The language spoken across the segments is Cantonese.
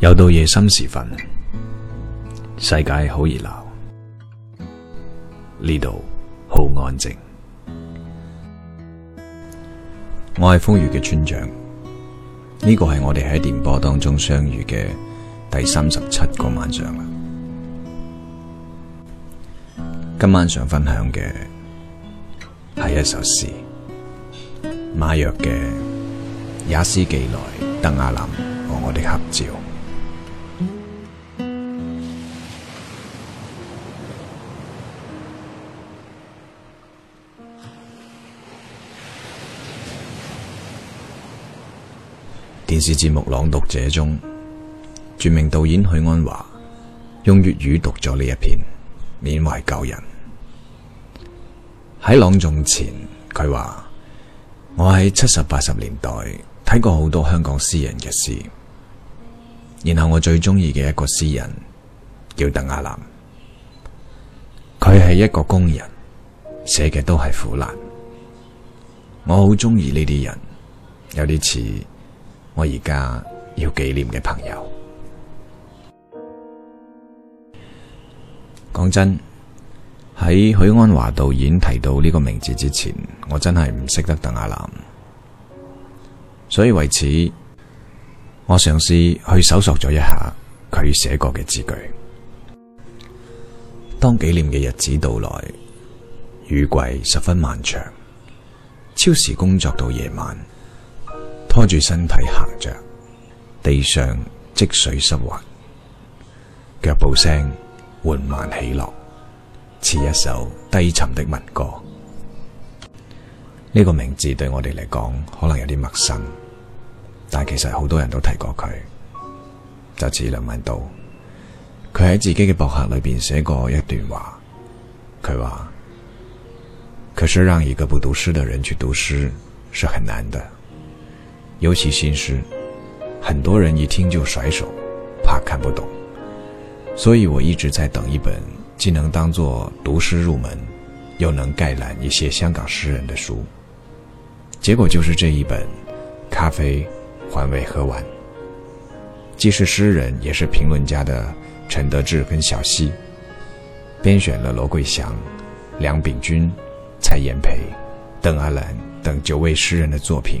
又到夜深時分，世界好熱鬧，呢度好安靜。我係瘋粵嘅村長，呢、這個係我哋喺電波當中相遇嘅第三十七個晚上啦。今晚想分享嘅係一首詩，馬若嘅《也斯寄來》，鄧阿藍和我哋合照。電視節目朗讀者中，著名導演許鞍華用粵語讀咗呢一篇，緬懷舊人。喺朗誦前，佢話：我喺七十八十年代睇過好多香港詩人嘅詩，然後我最中意嘅一個詩人叫鄧阿藍，佢係一個工人，寫嘅都係苦難。我好中意呢啲人，有啲似。我而家要紀念嘅朋友，講真，喺許鞍華導演提到呢個名字之前，我真係唔識得鄧阿藍，所以為此，我嘗試去搜索咗一下佢寫過嘅字句。當紀念嘅日子到來，雨季十分漫長，超時工作到夜晚。拖住身體行着，地上積水濕滑，腳步聲緩慢起落，似一首低沉的民歌。呢、這個名字對我哋嚟講可能有啲陌生，但其實好多人都提過佢。就似梁文道，佢喺自己嘅博客裏邊寫過一段話，佢話：可是讓一個不讀詩的人去讀詩是很難的。尤其新詩，很多人一聽就甩手，怕看不懂，所以我一直在等一本既能當做讀詩入門，又能概覽一些香港詩人的書。結果就是這一本，咖啡還未喝完。既是詩人也是評論家的陳智德跟小西，編選了羅貴祥、梁秉鈞、蔡炎培、鄧阿藍等九位詩人的作品。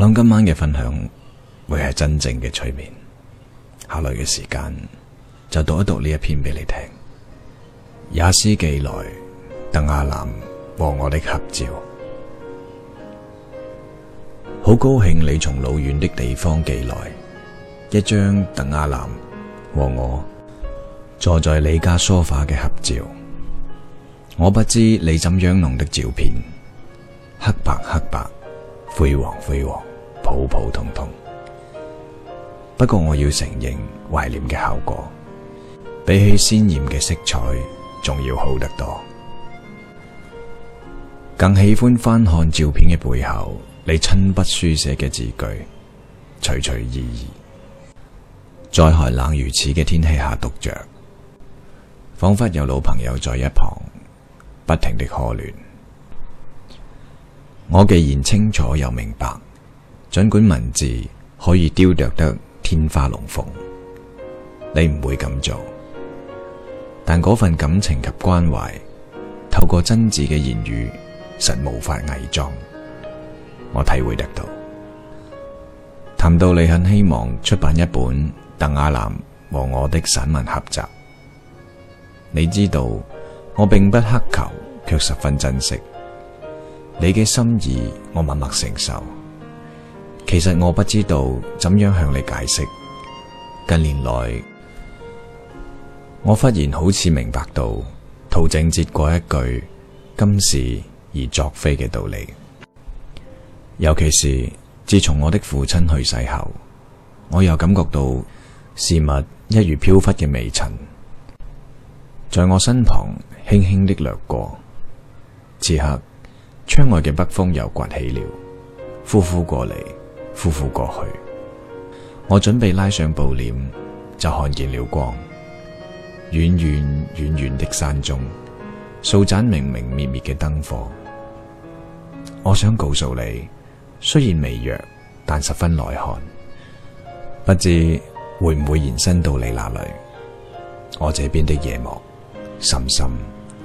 我諗今晚嘅分享會係真正嘅催眠，下來嘅時間就讀一讀呢一篇俾你聽。也斯寄來，鄧阿藍和我的合照，好高興你從老遠的地方寄來一張鄧阿藍和我坐在你家梳化嘅合照。我不知你怎樣弄的照片，黑白黑白，灰黃灰黃。普普通通，不過我要承認懷念嘅效果，比起鮮艷嘅色彩，仲要好得多。更喜歡翻看照片嘅背後，你親筆書寫嘅字句，隨隨意意。在寒冷如此嘅天氣下讀着，仿佛有老朋友在一旁，不停地呵暖。我既然清楚又明白。儘管文字可以雕琢得天花龍鳳，你唔會咁做，但嗰份感情及關懷，透過真摯嘅言語，實無法偽裝。我體會得到。談到你很希望出版一本鄧阿藍和我的散文合集，你知道我並不乞求，卻十分珍惜。你嘅心意，我默默承受。其實我不知道怎樣向你解釋。近年來，我忽然好似明白到陶靖節嗰一句“今是而昨非”嘅道理。尤其是自從我的父親去世後，我又感覺到事物一如飄忽嘅微塵，在我身旁輕輕的掠過。此刻，窗外嘅北風又刮起了，呼呼過嚟。呼呼過去，我準備拉上布簾，就看見了光。遠遠遠遠的山中，數盞明明滅滅嘅燈火。我想告訴你，雖然微弱，但十分耐看。不知會唔會延伸到你那裏？我這邊的夜幕深深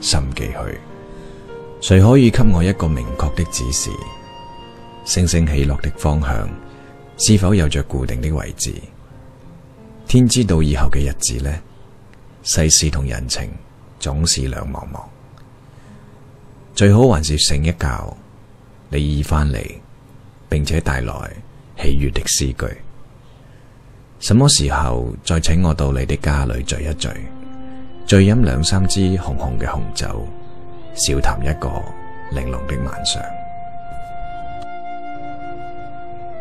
深幾許，誰可以給我一個明確的指示？星星起落的方向是否有着固定的位置？天知道以後嘅日子呢？世事同人情總是兩茫茫，最好還是醒一覺，你已翻嚟，並且帶來喜悅的詩句。什麼時候再請我到你的家裏聚一聚，醉飲兩三支紅紅嘅紅酒，笑談一個玲瓏的晚上。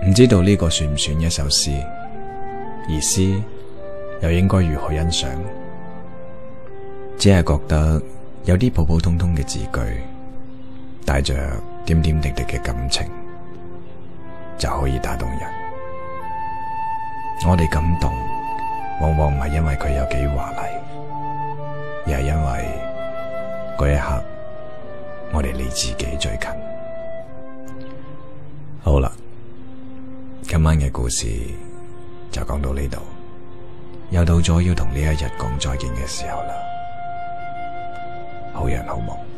唔知道呢個算唔算一首詩？而詩又應該如何欣賞？只係覺得有啲普普通通嘅字句，帶着點點滴滴嘅感情，就可以打動人。我哋感動，往往唔係因為佢有幾華麗，而係因為嗰一刻，我哋離自己最近。好啦。今晚嘅故事就講到呢度，又到咗要同呢一日講再見嘅時候啦，好人好夢。